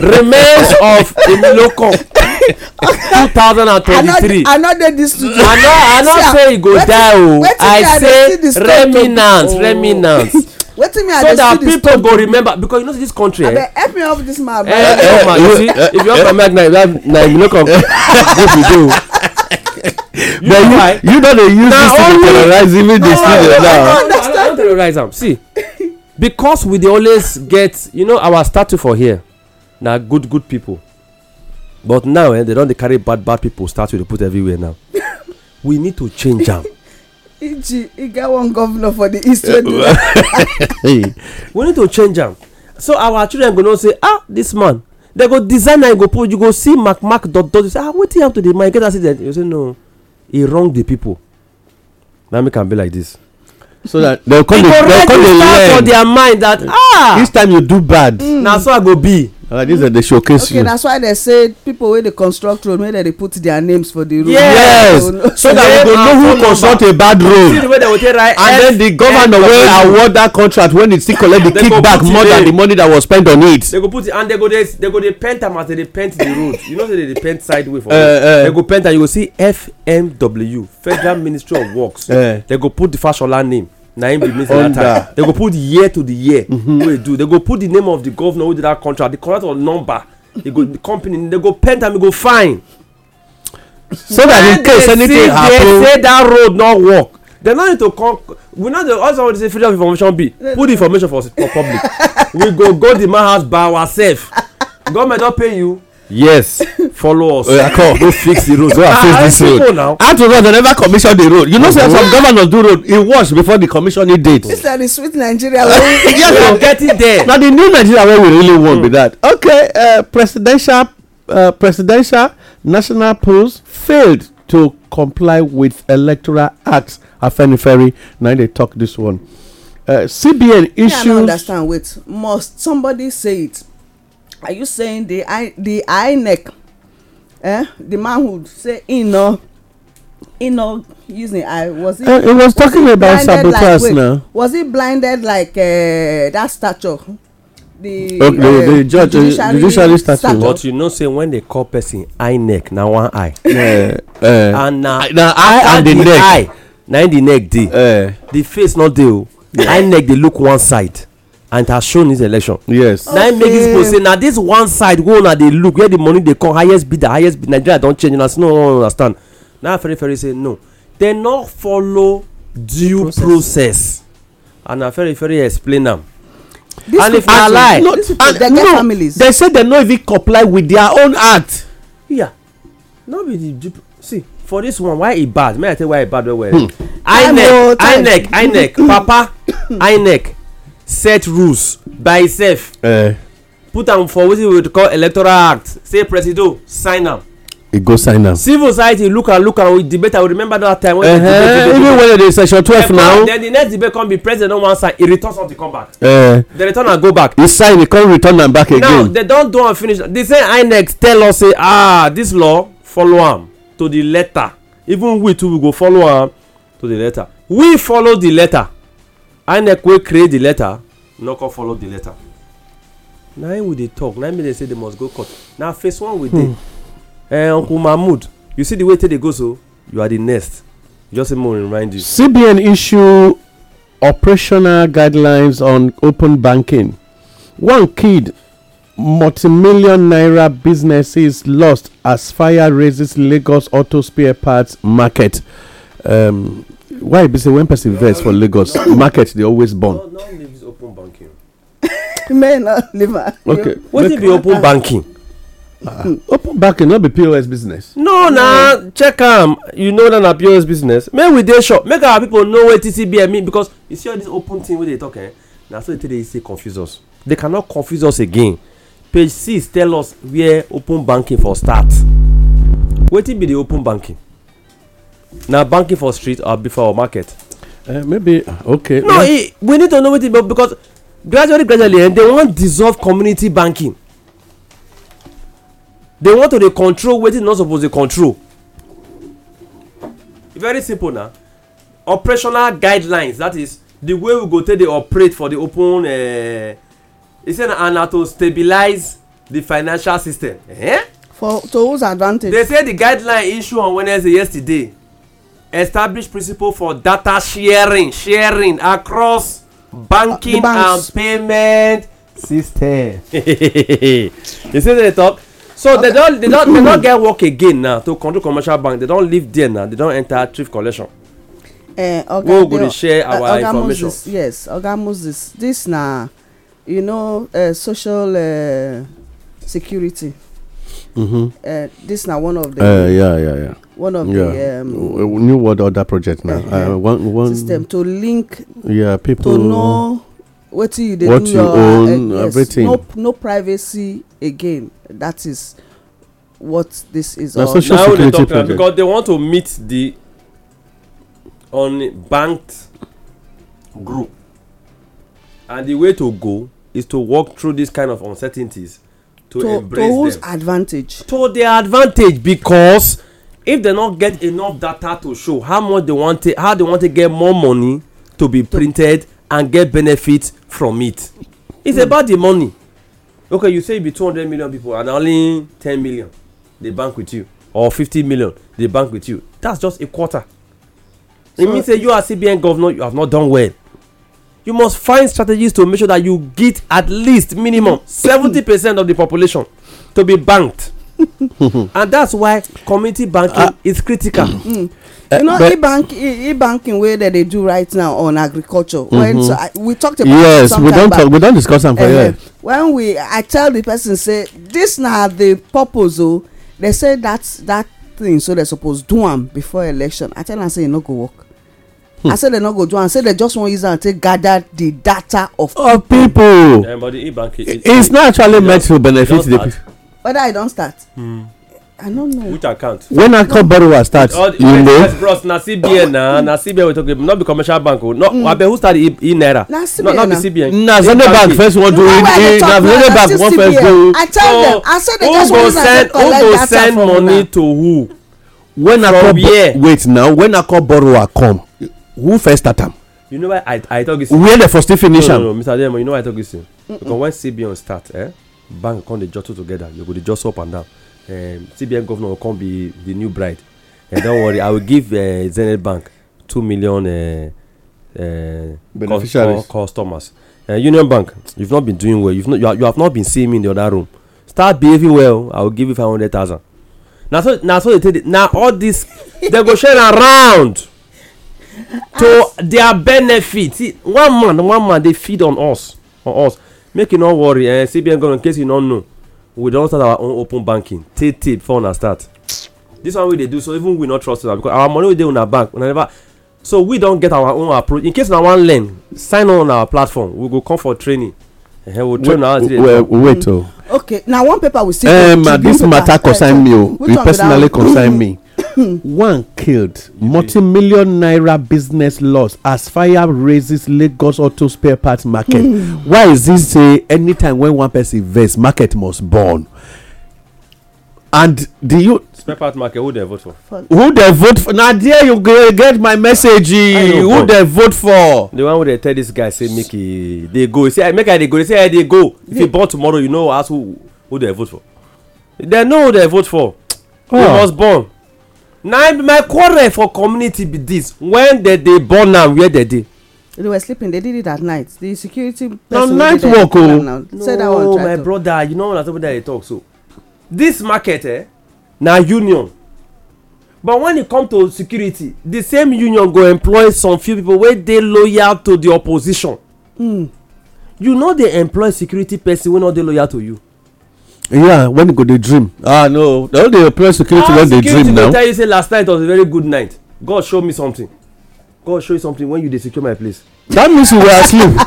remains of imiloko two thousand and twenty-three i no dey dis studio i no i no say e go die o oh. i say remnants oh. remnants so that people go remember because you know this country eh help me off this man eh eh man you see eh, if you wan eh. come back na na you no come go be do but you you no dey use this to terrorize even the students now terrorize am see because we dey always get you know our statue for here na good good people but now eh, they don dey carry bad bad people statue dey put everywhere now we need to change am. eg e get one governor for the east wey do we need to change am so our children go know say ah this man they go design am go put you go see mark mark dot dot you say ah wetin happen to the man you get accident you say no he wrong the people na make am be like this so that they come dey dem come dey learn for their mind that ah this time you do bad mm. na so i go be like this dem dey showcase you okay that's why they say people wey dey construct road make they dey put their names for the road yes oh, so that we go know who construct a bad road and then the governor wey award that contract when e still collect the kickback more than the money that was spent on it they go put it and they go dey they go dey paint am as they dey paint the road you know say they dey paint side way for uh, road uh. they go paint am you go see fmw federal ministry of works uh. they go put the fashola name na him be missing that time they go put the year to the year mm-hmm. wey do they go put the name of the governor wey did that contract the contract or number they go the company they go pen am e go fine so that in case anything happen when they say that road no work they no need to come we no dey also want to say freedom of information Be put the information for, for public we go go the man house by ourselves government don pay you yes follow us oya go fix the road wey ah, i fix this road act of god dem never commission the road you know say oh. some governors do road e wash before the commissioning date this na the sweet nigeria wey oh. yes we are getting there na the new nigeria wey we really want be hmm. that okay uh, presidential uh, presidential national polls failed to comply with electoral acts afenifere na dey talk this one uh, cbn issues. me i no understand wait must somebody say it are you saying the i the inec eh the man who say he no he no using eye was he. Uh, he was talking about sabotage like, now. was he blinded like uh, that statue. the okay, uh, the, eh, judge judiciary, judiciary statue. statue. but you know say when they call person eye neck na one eye. Uh, uh, and na na eye and the, neck eye na the neck dey. Uh, the face no dey o. Oh. eye neck dey look one side and has shown his election yes na im make this post say na dis one side wey una dey look where the money dey come highest the highest bidder nigeria don change una no one understand na afenifere say no dem no follow due process and afenifere explain am and if na lie and no dem say dem no even comply with their own act yeah no be the due see for this one why e bad may i tell you why e bad well well hmm. inec inec inec papa inec set rules by itself uh, put am for wetin we call electoral act say presido sign am He go sign am civil society look am look am we debate am we remember that time uh -huh. debate debate even when e dey section twelve now then the next debate come be president don wan sign e return something come back uh, eh. the return am go back He sign he come return am back again now they don do am finish the same inec tell us say ah this law follow am to the letter even we too we go follow am to the letter we follow the letter inec wey create the letter no come follow the letter na him we dey talk na him dey say they must go court na phase one we dey hmm. eh uncle mahmood you see the way tey dey go so you are the next just say more remind you cbn issue operational guidelines on open banking one kid multi-million naira businesses lost as fire raises lagos auto spare parts market um, why be say when person vex for lagos market dey always burn. no no leave open banking. may no leave am. okay wetin be open banking. Ah, open banking no be pos business no na check am you know na na pos business make we dey sure make our people know wetin cbn mean because you see all this open thing wey dey talk eh na so they dey say confuse us they cannot confuse us again page six tell us where open banking for start wetin be the open banking na banking for street or before market eh, maybe okay. no eh. we need to know wetin but because gradually gradually eh, they wan dissolve community banking They want to dey control wetin no suppose dey control very simple na operational guidelines that is the way we go take dey operate for the open e say na to stabilize the financial system eh? for to whose advantage. they say the guideline issue on wednesday yesterday establish principle for data sharing sharing across banking uh, and payment system. you see the talk so okay. they don't, they don they don get work again now to control commercial bank they don't live there now they don't enter thrift collection. Uh, oga wey go dey share our uh, information. moses yes oga moses this now, you know uh, social uh, security Mm-hmm. Uh, this now one of the uh, yeah yeah yeah one of yeah. the um, uh, uh, new world order project now uh, uh-huh. uh, one, one system to link yeah people to know what you they what you own uh, yes, everything no, no privacy again that is what this is now all. social now security they talk because they want to meet the unbanked group and the way to go is to walk through these kind of uncertainties to, to embrace to whose advantage. to their advantage because if they no get enough data to show how much they want to, how they want to get more money to be printed and get benefit from it it's mm. about the money okay you say you be two hundred million people and only ten million dey bank with you or fifty million dey bank with you that's just a quarter so, it mean say you as cbn governor you have not done well you must find strategies to make sure that you get at least minimum seventy percent of the population to be banked and that's why community banking uh, is critical. Mm. Uh, you know e-bank e, e-banking wey dem dey do right now on agriculture. Mm -hmm. when mm-hmm. so I, we talked about yes we don talk we don discuss am for uh, here. when we i tell the person say this na the purpose o oh. they say that that thing so they suppose do am before election i tell am say e no go work Hmm. I say dem no go do am say they just wan use am take gather the data of. of people. Yeah, but the e-banking. it's not actually meant to benefit the people. whether I don start. Hmm. I don't know. Which account? When account borrower starts, all the, you know. Bros, na CBN na na CBN we talk about, not be commercial bank o. Oh. No, mm. abeg who start e e naira? Na CBN. No, not be CBN. Na Zenith Bank first one do e na Zenith Bank one first do. I tell them, I say they just want to collect data from Who go send money to who? When I account wait now, when I account borrower come, who first start am. you know why i i talk this. where the first still finish am. no no no mr adeyemo you know why i talk this because when cbn start eh, bank come dey jottle together you go dey jostle up and down um, cbn governor go come be the new bride uh, don't worry i will give uh, zenith bank two million uh, uh, beneficiaries customers uh, union bank you've not been doing well you've not you, you have not been seeing me in the other room start behaving well i will give you five hundred thousand na so na so they take na all this they go share am round to their benefit see one man one man dey feed on us on us make you no worry eh, cbn government in case you no know we don start our own open banking tey tey before una start this one wey dey do so even we no trust una because our money wey dey una bank una never so we don get our own approach in case una wan learn sign on on our platform we go come for training eh, we train una how to wait Oh. okay na one paper we see. Um, this matter concern eh, me o oh. e eh, eh, personally concern me. one killed multi-million naira business loss as fire raises lagos auto spare parts market hmm. why is this say anytime when one person vex market must burn and the you spare parts market who dey vote for who dey vote for na there you get my message who dey vote for the one wey dey tell dis guy say make e dey go say make i dey go say i dey go if you born tomorrow you know ask who who dey vote for dem know who dey vote for oh. you must born na my quarrel for community be this: When dem dey born am where dem dey they were sleeping they did it at night the security person night work. Oh. there no my brother you know what i dey talk so this market eh na union but when e come to security the same union go employ some few people wey dey loyal to the opposition mm. you no dey employ security person wey no dey loyal to you yeah when you go dey dream ah no they no dey oppress security when dey ah, dream now ah security go tell you say last night was a very good night god show me something god show you something when you dey secure my place. that means you were asleep.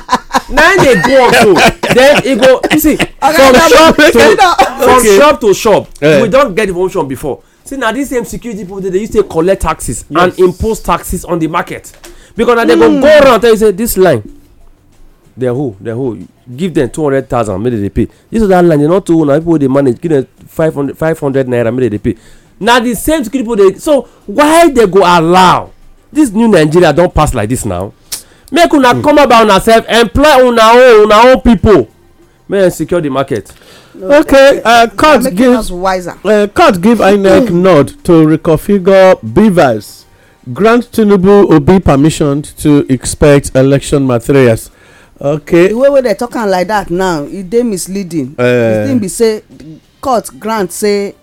na him dey go on so then e go you see from shop to from shop to shop eh. we don get information before see na these same security people dey use to collect taxes and impose taxes on the market because na they go hmm. go around tell you say this line They who they who give them two hundred thousand make they pay this other land they not too na people wey dey manage give them five hundred five hundred naira make they pay na the same security people dey so why they go allow this new nigeria don pass like this now make una mm. come about una sef employ una own una own people make dem secure the market. No, okay uh, court give uh, court give inec nod to reconfigure beavers grant tinubu obi permission to expect election materials okay the way wey dem talk am like that now e dey misleading the eh. thing be say court grant say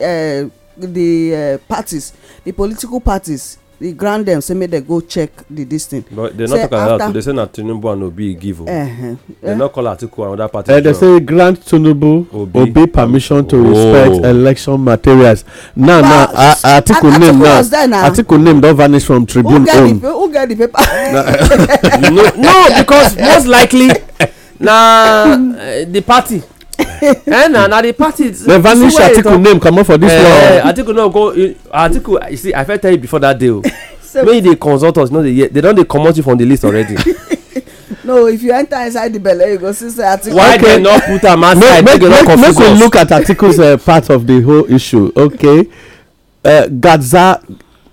di eh, eh, parties the political parties e grant dem say make dem go check the dis thing. but dem not talk about that they say na tinubu and obi give o. dem eh? no call atiku and other party. Eh, dem say grant tinubu obi permission to oh. respect election materials now now atiku name now atiku name don vanish from tribune own. who get the paper. no because most likely na eh, the party Eh, na na the party. The vanish article name comot for this eh, one. Article no go Article you see i fit tell you before that day o make you dey consult us no dey hear they don dey comot you from the list already. no if you enter inside the belle you go see say article. why dem no put am outside make dem no confuse us. make we look at articles uh, part of the whole issue okay uh, gadza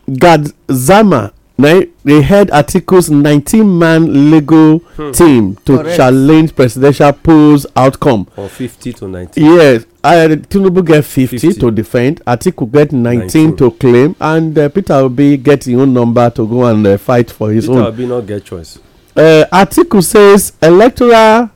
gadzama they head Article's 19 man Lego hmm. team to Correct. challenge presidential poll's outcome. From 50 to 19. Yes. Uh, Tinubu get 50, 50, to defend, Atiku get 19, 19. to claim, and uh, Peter will be getting own number to go and uh, fight for his Peter own. Peter Obi not get choice. Uh, Atiku says electoral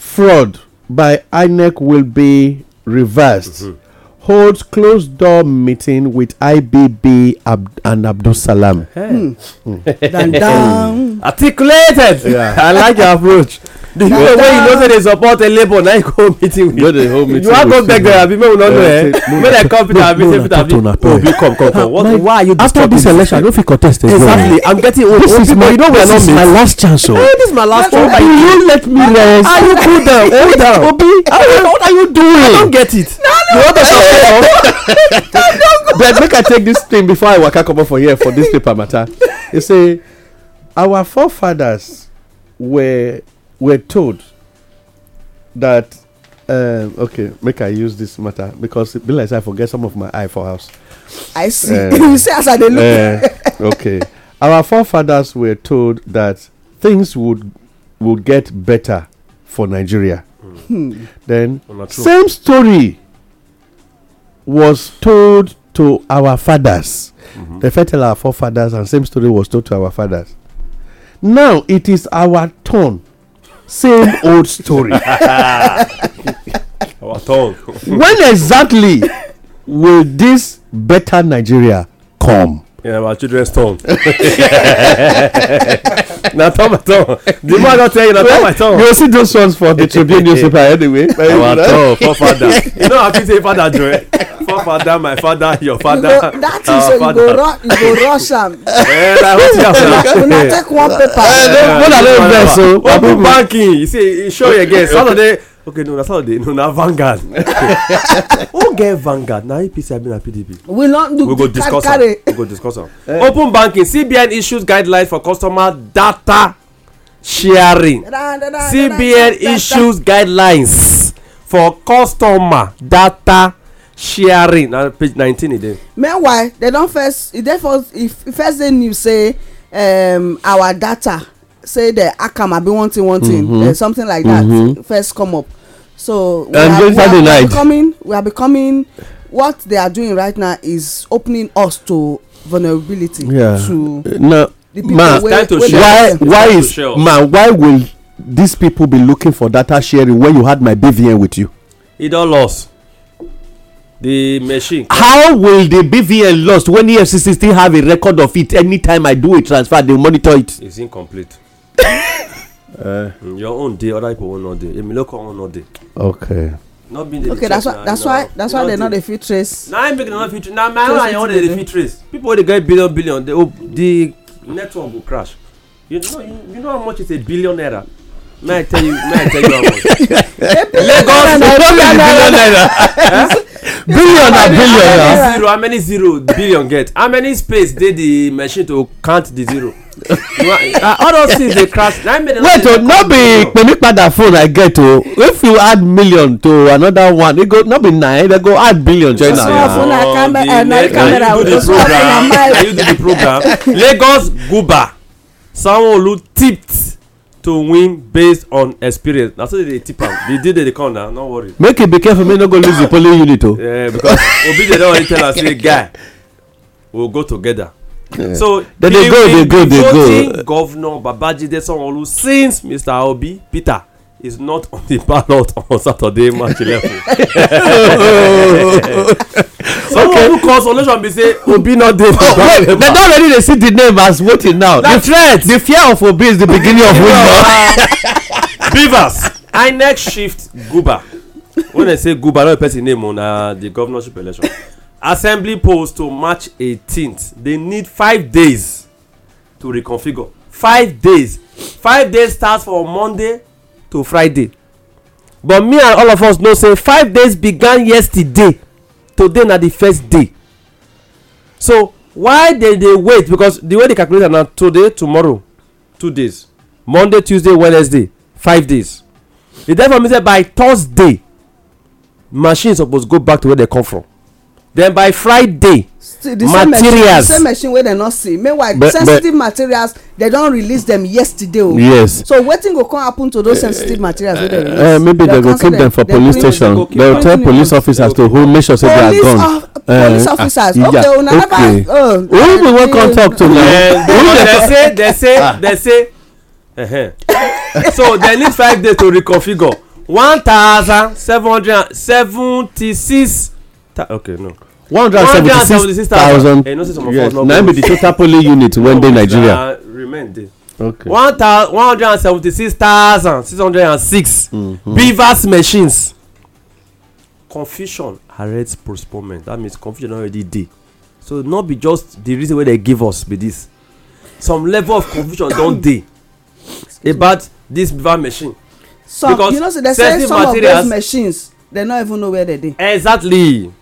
fraud by INEC will be reversed. Mm-hmm holds closed door meeting with IBB Ab- and Abdul Salam. Hey. Mm. Mm. Articulated. Yeah. I like your approach. the people wey you know say dey support a labour na you go hold meeting with you wan go beg dem abi make we know eh make dem come peter abi say peter abi obi come come come uh, what why you after this election i no fit contest again exactly i'm getting old old people you know we are not mate oh. this is my last chance o this is my last chance. obi you let me rest are you cool down cool down obi what are you doing i not get it you wan just but make i take this thing before i waka comot for here for this paper matter you say our forefathers were we're told that um, okay, make I use this matter because it be like I forget some of my eye for house. I see. Uh, you see as I they look. Uh, okay, our forefathers were told that things would would get better for Nigeria. Hmm. Then well, oh, same story was told to our fathers. Mm-hmm. They fell our forefathers, and same story was told to our fathers. Now it is our turn Same old story. Our tongue. when exactly will this better Nigeria come? Yeah, my children's tongue. Now tell my turn the man don tell you now. Tell my turn. you see those ones for the tribune newspaper anyway. our turn for father you know how to say father joy call father my father your father you go, that is so father. you go rush you go rush am eh, una take one eh, paper una eh, no vex o open banking you see show you again. saturday okay no na saturday no na vanguard who get vanguard na apc abi na pdp we no do we go discuss am we go discuss am open banking cbn issues guidelines for customer data sharing cbn issues guidelines for customer data sharing na page nineteen e dey. meanwhile dem don first e dey first e first dey news say um, our data say the akam abi one thing one thing mm -hmm. uh, something like that mm -hmm. first come up so we um, are, we are night. becoming we are becoming what they are doing right now is opening us to vulnerability yeah. to no, the ma, why why is ma why will these people be looking for data sharing when you had my bvn with you. e don lost the machine. how will the bvn lost when efcc still have a record of it anytime i do a transfer they monitor it. it's incomplete. uh, your own dey other people own no dey emiloko own no dey. okay. not being dey okay that's why that's why that's why dem no dey fit trace. na im make dem no fit trace na my own and your own dey fit trace people wey dey get billion billion dey hope the network go crash you know you, you know how much is a billion naira may I tell you, may I tell you how much? Lagos, the billion naira. billion na billion na. Zero, how many zero billion get? How many space dey the machine to count the zero? Ah, all those things dey crash. wait o oh, no be pemipada phone i get o oh. if you add million to another one e go no be nine dem go add billion join am. so na camera go just come na mile. the program lagos guba sanwo-olu tipped to win based on experience na so dey tip am the day dey dey come na no worry. make you be careful make you no go lose the polling unit o. Oh. yeah because obide don already tell us say guy we we'll go together. Yeah. so they dey go dey go dey go. voting governor babajide sanwoolu since mr obi peter is not on the ballot on Saturday, March 11. some okay. people call solution be say oh, obi no dey oh, for oh, wait, dem don already dey see the name as voting now That's the threat the fear of obi is the beginning of wisdom. beavers inec shift guba when i say guba no be person name o oh, na the governorship election assembly polls to march 18th they need five days to reconfigure five days five days starts for monday to friday but me and all of us know say five days began yesterday today na the first day so why dem dey wait because the way they calculate na today tomorrow two days monday tuesday wednesday five days e therefore mean say by thursday machine suppose go back to where dem come from then by friday the materials same machine, the same machine wey dem no see meanwhile but, sensitive but, materials dem don release dem yesterday o oh. yes so wetin go come happen to those eh, sensitive materials wey dem release eh, eh, uh, maybe dem go keep dem for police station dem tell police officers to hold make sure say they are gone police ah, officers okay una never oh who we wan come talk to now who say dey say dey ah. say uh-huh. so dem need five days to reconfigure one thousand seven hundred and seventy-six okay no one hundred and seventy six thousand eh, yes na be the total polling unit wey dey nigeria. okay one hundred and seventy six thousand six hundred and six mm-hmm. beavers machines confusion arrest postponement that means confusion already dey so no be just the reason wey dey give us be this some level of confusion don dey about this beaver machine. some you know say they say some of those machines dem no even know where dem dey. exactly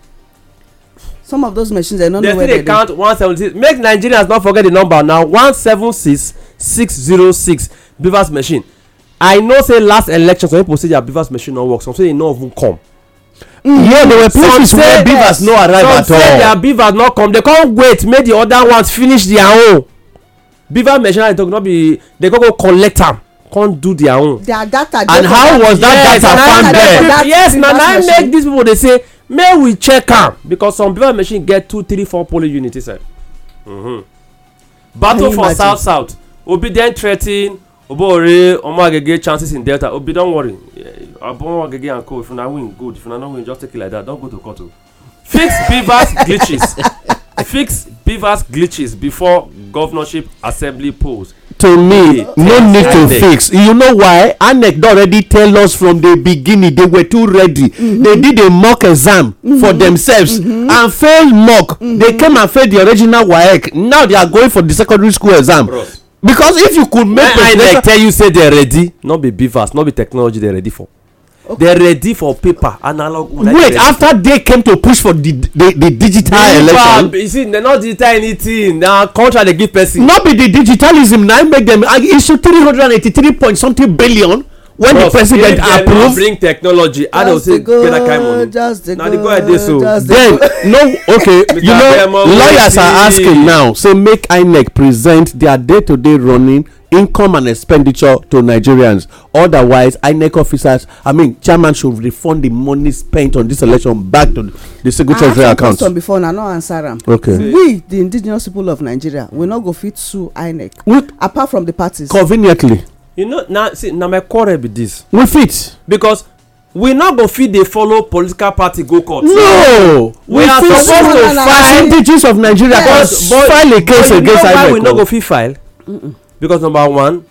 some of those machines i no know where they dey. they still dey count one seven six make nigerians not forget the number na one seven six six zero six beavers machine i know say last election some people say their beavers machine no work some say e no even come. Mm. yeah they were places some where beavers yes. no arrive some at all some say their beavers no come they come wait make the other ones finish their own beaver machine i talk no be they go go collect am come do their own. their data dey for that and how was that yes, data found there. yes na na make these people dey say May we check am because some bevel machine get two three four polling units inside mm -hmm. battle for imagine? south south obi den threaten obore omoagege chances in delta obi don worry omoagege and co if una win good if una no win just take it like that don go to court o oh. fix beavers glitches fix beavers glitches before governorship assembly polls to me no need to fix you know why anec don already tell us from the beginning they were too ready mm-hmm. they did a mock exam mm-hmm. for themselves mm-hmm. and failed mock they came and failed the original waec now they are going for the secondary school exam because if you could make. i like tell you say they ready no be beavers no be technology they ready for okay. they ready for paper analog. Like wait after they came to push for the the, the digital paper, election. you see na not digital anything na contract dey give person. no be the digitalism na make dem issue three hundred and eighty-three point something billion when Bros, the president approve. bring technology i don say get that kind money na the guy dey so. then no okay you know lawyers are asking now say make inec present their day-to-day running income and expenditure to nigerians otherwise inec officers i mean chairman should refund the money spent on this election back to the secret treasury account. i ask question before na no answer am. okay See. we the indigenous people of nigeria we no go fit sue inec. apart from the parties. conveniently you know na see na my quarrel be this. we fit. because we no go fit dey follow political party go court. no we, we are supposed to file percentages of nigeria yes. but, but file a case against ivory but you know why we no go fit file. Mm -mm. because number one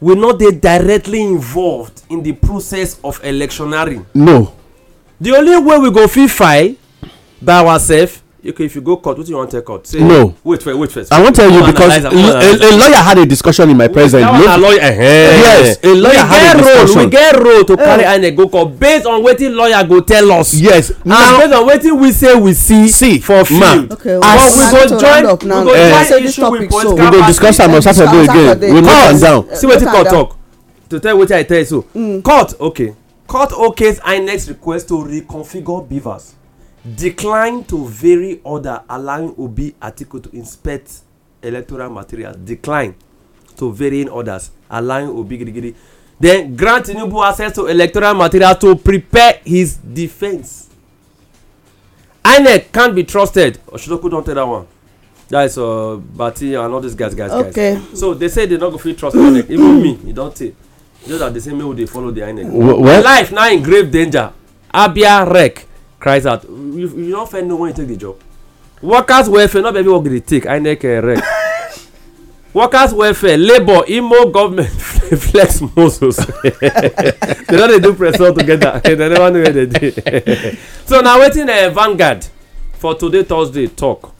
we no dey directly involved in the process of electionary. no. the only way we go fit file by ourselves okay, if you go court, what do you want to court? no. Wait first. Wait first. I won't tell you because a, a, lawyer had a discussion in my presence. No, a lawyer. Uh-huh. Yes, a lawyer had a discussion. We get role to eh. carry uh. and go court based on wetin lawyer go tell us. Yes. Now, and based on wetin we say we see. See for field. Okay, well, as eh. we go join, we go uh, join issue with point. We go discuss am on Saturday again. We knock am down. See wetin court talk. To tell wetin I tell you so. Mm. Court okay. Court okays INEC request to reconfigure beavers. Decline to vary order allowing obi atiku to inspect electoral materials Decline to varying orders allowing obi gidigidi then grant tinubu access to electoral materials to prepare his defence inec can't be trusted oshodoku don tell that one that is uh, bati and all these guys guys okay. guys so they say they no go fit trust inec even me e don tey just that they say make we dey follow the inec well, life now in grave danger abia rec cries out you you don first know when you take the job workers welfare not be every work you dey take inec uh, eh, rec workers welfare labour imo government flex muscles they don dey do press all together they never know where they dey so na wetin uh, eh, vangard for today thursday talk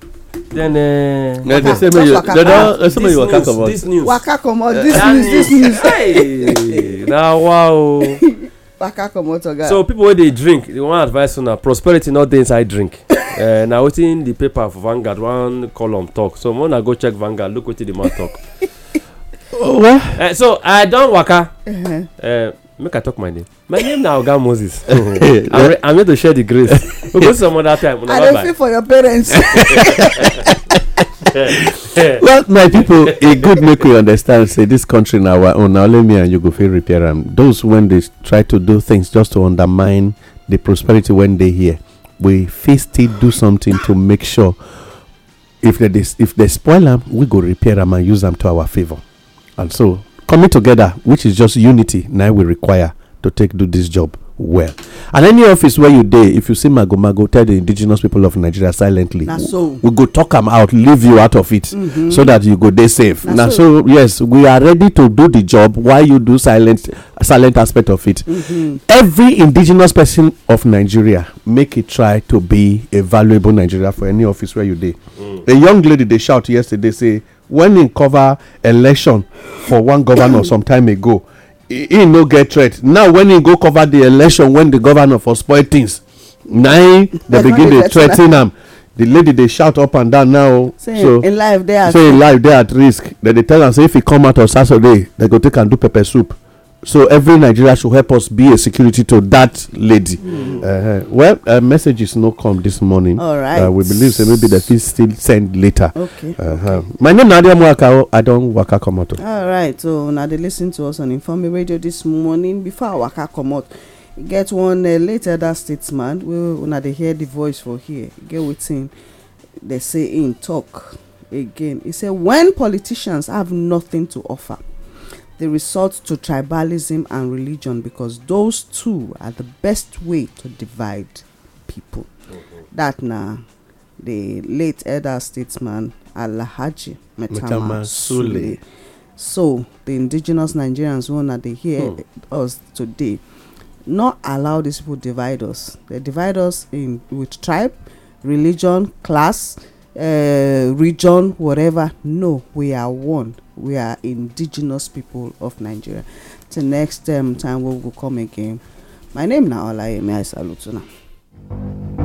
then uh, waka, they say make you they don they this news waka comot this news this news hey na wa o waka comot oga. so people wey dey drink the one advice una prosperity no dey inside drink uh, na wetin the paper for Vanguard one column talk so una go check Vanguard look wetin the man talk. well. Uh, eh, so i don waka. Uh -huh. uh, eh, make i talk my name my name na oga moses i'm here to share the grace we go some other time una bye bye. i dey feel for your parents. well my people e good make we understand say this country na our own na only me and you go fit repair am those wen dey try to do things just to undermine the prosperity wen dey here we fit still do something to make sure if they if they spoil am we go repair am and use am to our favour and so coming together which is just unity now we require to take do this job well and any office where you dey if you see magomago tell the indigenous people of nigeria silently we go talk am out leave you out of it mm-hmm. so that you go dey safe na so yes we are ready to do the job while you do silent silent aspect of it mm-hmm. every indigenous person of nigeria make it try to be a valuable nigeria for any office where you dey mm. a young lady dey shout yesterday say when im cover election for one governor some time ago He no get threat now when he go cover the election when the governor for spoil things na im dem begin dey threaten am the lady dey shout up and down now So say so im life dey at risk dem dey tell am say if he come out on saturday dem go take am do pepper soup so every nigeria should help us be a security to that lady uh, well uh, messages no come this morning all right uh, we believe say maybe the fit still send later okay, uh -huh. okay. my name na adiamu i don waka comot all right so una dey lis ten to us on informe radio this morning before i waka comot e get one uh, late elder statesman wey una dey hear the voice for here e get wetin dey say im talk again e say when politicians have nothing to offer The result to tribalism and religion because those two are the best way to divide people. Mm-hmm. That na the late elder statesman Alhaji Metama Sule. So the indigenous Nigerians who are they hear hmm. us today, not allow these people divide us. They divide us in with tribe, religion, class, uh, region whatever no we are one we are indigenous people of nigeria till next um, time we will come again my name na olayemi i salute una.